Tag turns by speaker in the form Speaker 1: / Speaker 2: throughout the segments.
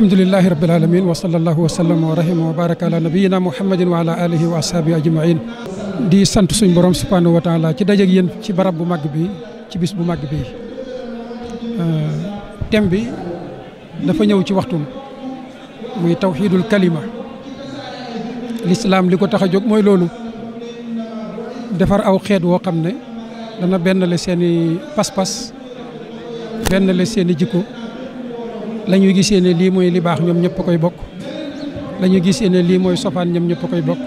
Speaker 1: alhamdulilahi rabil alamin wa sallallahu wa sallam wa rahima wa baraka ala nabiyina muhammadin wa ala alihi wa ashaabi ajmain di sant suñ borom subhanahu wa taala ci dajeeg yéen ci barab bu màgg bi ci bis bu màgg bi euh, thème bi dafa ñëw ci waxtum muy tawxiidul kalima lislaam li ko tax a jóg mooy loolu defar aw xeet woo xam ne dana benn le seeni pas-pas benn le seeni jikko lañuy ñu gisee ne lii mooy li baax ñoom ñëpp koy bokk la ñu gisee ne lii mooy sofaan ñoom ñëpp koy bokk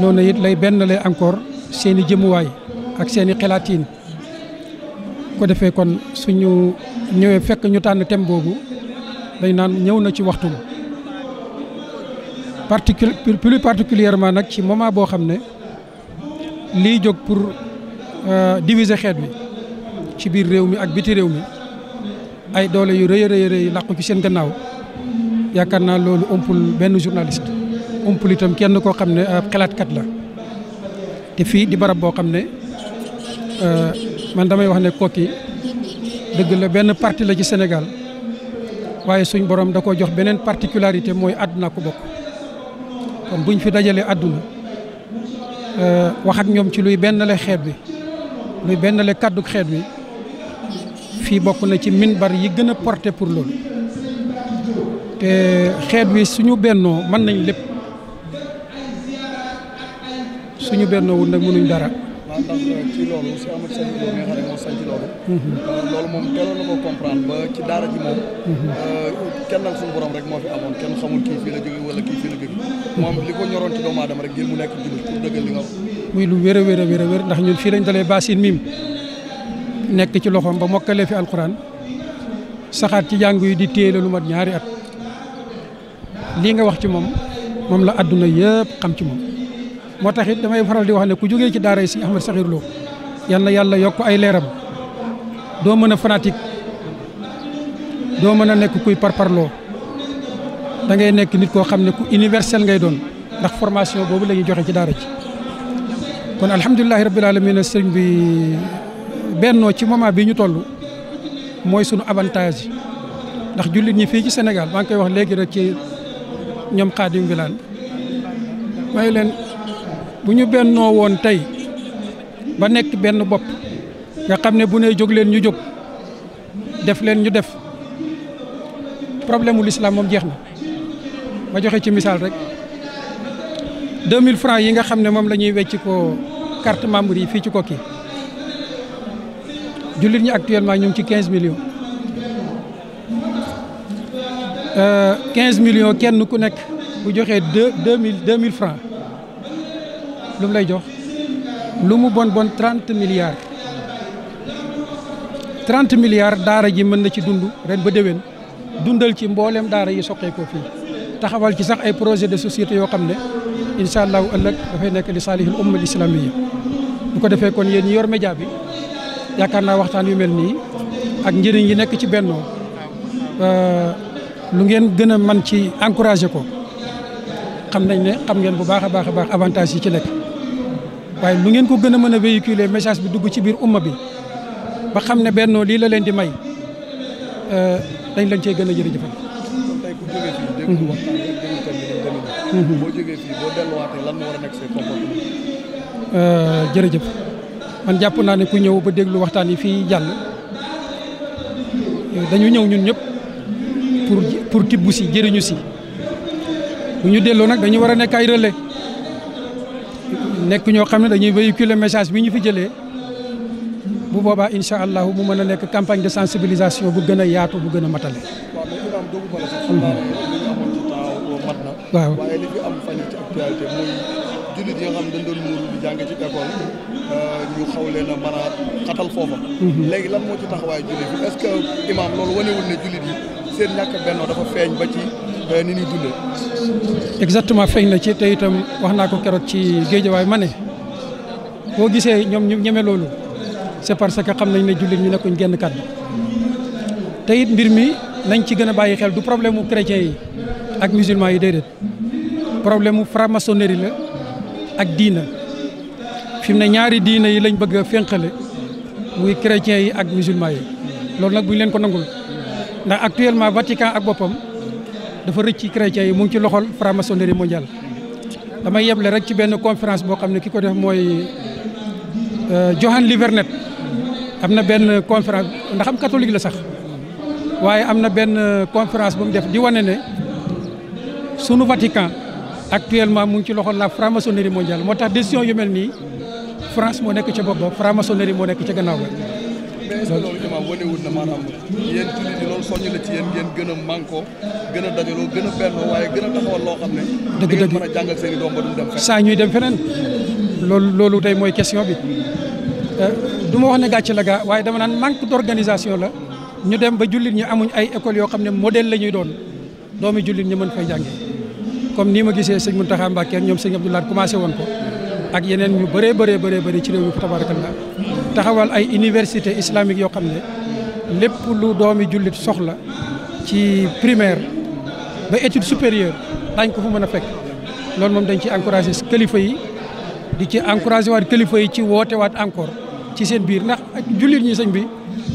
Speaker 1: noonu it lay benn lay encore seen i jëmuwaay ak seen i xalaatiin ko defee kon suñu ñëwee fekk ñu tànn thème boobu dañ naan ñëw na ci waxtu particul plus particulièrement nag ci moment boo xam ne lii jóg pour euh, divise xeet bi ci biir réew mi ak biti réew mi ay doole yu rëy a rëy rëy làqu ci seen gannaaw yaakaar naa loolu ëmpul benn journaliste ëmpul itam kenn koo xam ne xelaatkat la te fii di barab boo xam ne euh, man damay wax ne Koki dëgg la benn parti la ci senegal waaye suñ borom da ko jox beneen particularité mooy àdduna ko bokk kon buñ fi dajalee àdduna euh, wax ak ñoom ci luy benn la xeet bi luy benn la kàddu xeet bi fii bokk na ci bari yi gën a porté pour loolu te xeet wi suñu bennoo mën nañ lépp suñu bennoo wul nag mënuñ dara.
Speaker 2: waaw ndax euh, ci loolu si Amadou Seye Lo moo sanc loolu. Mhm. Euh, loolu moom teeloon na ko comprendre ba ci daara ji moom. Mhm. Euh, kennal suñu borom rek moo fi amoon kenn xamul kii fii la jógee wala kii fii la jógee. Mhm. moom li ko ñoroon ci doomu aadama rek ngir nekk jullit pour dëggal li nga wax.
Speaker 1: muy lu wér a wér ndax ñun fii lañ dalee basin mim nekk ci loxoom ba mokkale fi alxuraan saxaat ci jàng yi di téele lu ñaari at lii nga wax ci moom moom la adduna yëpp xam ci moom moo tax it damay faral di wax ne ku jógee ci daara yi si Ahmad Saxiir Lo yal na yàlla yokk ay leeram doo mën a fanatique doo mën a nekk kuy par da dangay nekk nit koo xam ne ku universel ngay doon ndax formation boobu la ñuy joxe ci daara ci kon alhamdulilahi rabbil alamin sëriñ bi bennoo ci moment bi ñu toll mooy sunu avantage ndax jullit ñi fii ci Sénégal maa ngi koy wax léegi rek ci ñoom xaadim bi laan may leen bu ñu bennoo woon tey ba nekk benn bopp nga xam ne bu nee jóg leen ñu jóg def leen ñu def problème wu lislaam moom jeex na ma joxe ci misaal rek 2000 francs yi nga xam ne moom la ñuy wecc ko carte membre yi fii ci kokki jullit ñi actuellement ñu ngi ci 15 millions 15 euh, millions kenn ku nekk bu joxee deux deux mille deux mille francs lu mu lay jox lu mu bon bon 30 milliards 30 milliards daara ji mën na ci dund ren ba déwén dundal ci mbooleem daara yi soqee ko fii taxawal ci sax ay projet de société yoo xam ne incha allahu ëllëg dafay nekk li saalihil umma al islamiyya bu ko defee kon yéen ñi yor média bi. yaakaar naa waxtaan yu mel nii ak njëriñ yi nekk ci bennoo lu ngeen gën a man ci encouragé ko xam nañ ne xam ngeen bu baax a baax a baax avantage yi ci nekk waaye lu ngeen ko gën a mën a véhiculer message bi dugg ci biir umma bi ba xam ne bennoo lii la leen di may dañ lañ cee gën a jërëjëfal jërëjëf man jàpp naa ne ku ñëw ba déglu waxtaan yi fii jàll dañu ñëw ñun ñëpp pour pour tibb si jëriñu si bu ñu delloo nag dañu war a nekk ay relais nekk ñoo xam ne dañuy véhiculer message bi ñu fi jëlee bu boobaa incha allah mu mën a nekk campagne de sensibilisation bu gën a yaatu bu gën a matale.
Speaker 2: waaw waaye léegi am fan ci actualité muy jullit yi xam dañ doon muuru di jàng ci école euh, ñu xaw leen a mën a xatal foofa. Mhm. léegi lan moo ci taxawaay jullit que imaam loolu wanewul ne jullit yi seen ñàkk bennoo dafa ci euh,
Speaker 1: exactement feeñ na ci te itam wax naa ko keroog ci géejawaay ma ne boo gisee ñoom ñu ñeme loolu c'est parce que xam nañ ne jullit ñu nekkuñ genn kàddu mbir mi nañ ci gën a bàyyi xel du problème mu chrétien yi. ak musulman yi déedéet problème mu franc-maçonnerie la ak diina fi mu ne ñaari diina yi lañ bëgg a fénqale muy chrétiens yi ak musulman yi loolu nag buñ leen ko nangul ndax actuellement Vatican ak boppam dafa rëcc ci chrétiens yi mu ngi ci loxol franc-maçonnerie mondiale damay yeble rek ci benn conférence boo xam ne ki ko def mooy euh, Johan Livernet am na benn conférence ndax am catholique la sax waaye am na benn euh, conférence bu mu def di wane ne sunu Vatican actuellement mu ngi ci loxo la franc-maçonnerie mondiale moo tax décision yu mel nii France moo nekk ca bopp ba franc-maçonnerie moo nekk ca gannaaw
Speaker 2: ba. mais est-ce que loolu imaam la ci yéen ngeen gën a mànkoo gën a loo dëgg dëgg mën a jàngal seen i doom
Speaker 1: saa ñuy dem feneen loolu loolu tey mooy question bi euh, du ma wax ne gàcce la gaa waaye dama naan manque d'organisation la ñu dem ba jullit ñi amuñ ay écoles yoo xam ne modèle la ñuy doon doomi jullit ñi mën fay jàngee. comme nii ma gisee sëñ Mountakha Mbacké ak ñoom sëñ Abdou Lahad commencé woon ko ak yeneen ñu bëree bëree bëree bëri ci réew mi fa tabarakallah taxawal ay université islamique yoo xam ne lépp lu doomi jullit soxla ci primaire ba étude supérieure dañ ko fu mën a fekk loolu moom dañ ci encouragé kilifa yi di ci encouragé waat kilifa yi ci woote waat encore ci seen biir ndax jullit ñi sëñ bi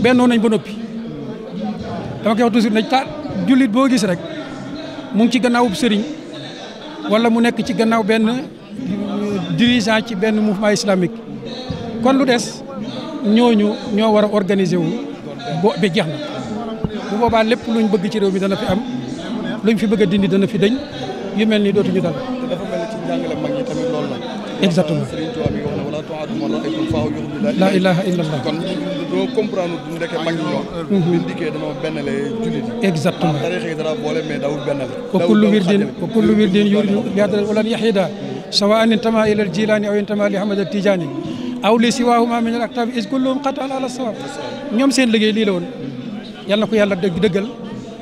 Speaker 1: bennoo nañ ba noppi dama koy wax toujours nañ ta jullit boo gis rek mu ngi ci gannaawub sëriñ wala mu nekk ci gannaaw benn dirigeant ci benn mouvement islamique kon lu des ñooñu ñoo war a organiser wu boo ba jeex na bu boobaa lépp luñ bëgg ci réew mi dana fi am luñ fi bëgg a dindi dana fi dëñ yu mel ni dootuñu dal
Speaker 2: njàngale mag ñi tamit loolu la. exactement Sëriñ Tuubaa mi wax na wala tu'addu mar'aykum faaw yuhum laa ilaaha illallah kon doo comprendre du ndeke mag ñi ñoom. Mhm. bu ñu dikkee dañoo benn lay jullit. exactement ah, tarix yi dara boole mais dawul benn la. wa kullu wirdin
Speaker 1: wa kullu wirdin yuridu bihaadal wala yaxiida sawaan intamaa ilal jilaani aw intamaa li ahmad tijaani aw li siwaahuma min al aktaab is kulluhum qatan ala sawaab ñoom seen liggéey lii la woon yal na ko yàlla dëgg dëggal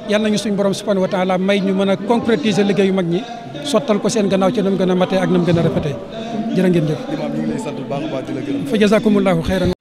Speaker 1: yal nañu suñu borom subhanahu wa taala may ñu mën a concrétiser liggéeyu mag ñi sottal ko seen gannaaw ci nam gën a matee ak nam gën
Speaker 2: a rafetee jërë ngeen fa jazakumullahu
Speaker 1: xayran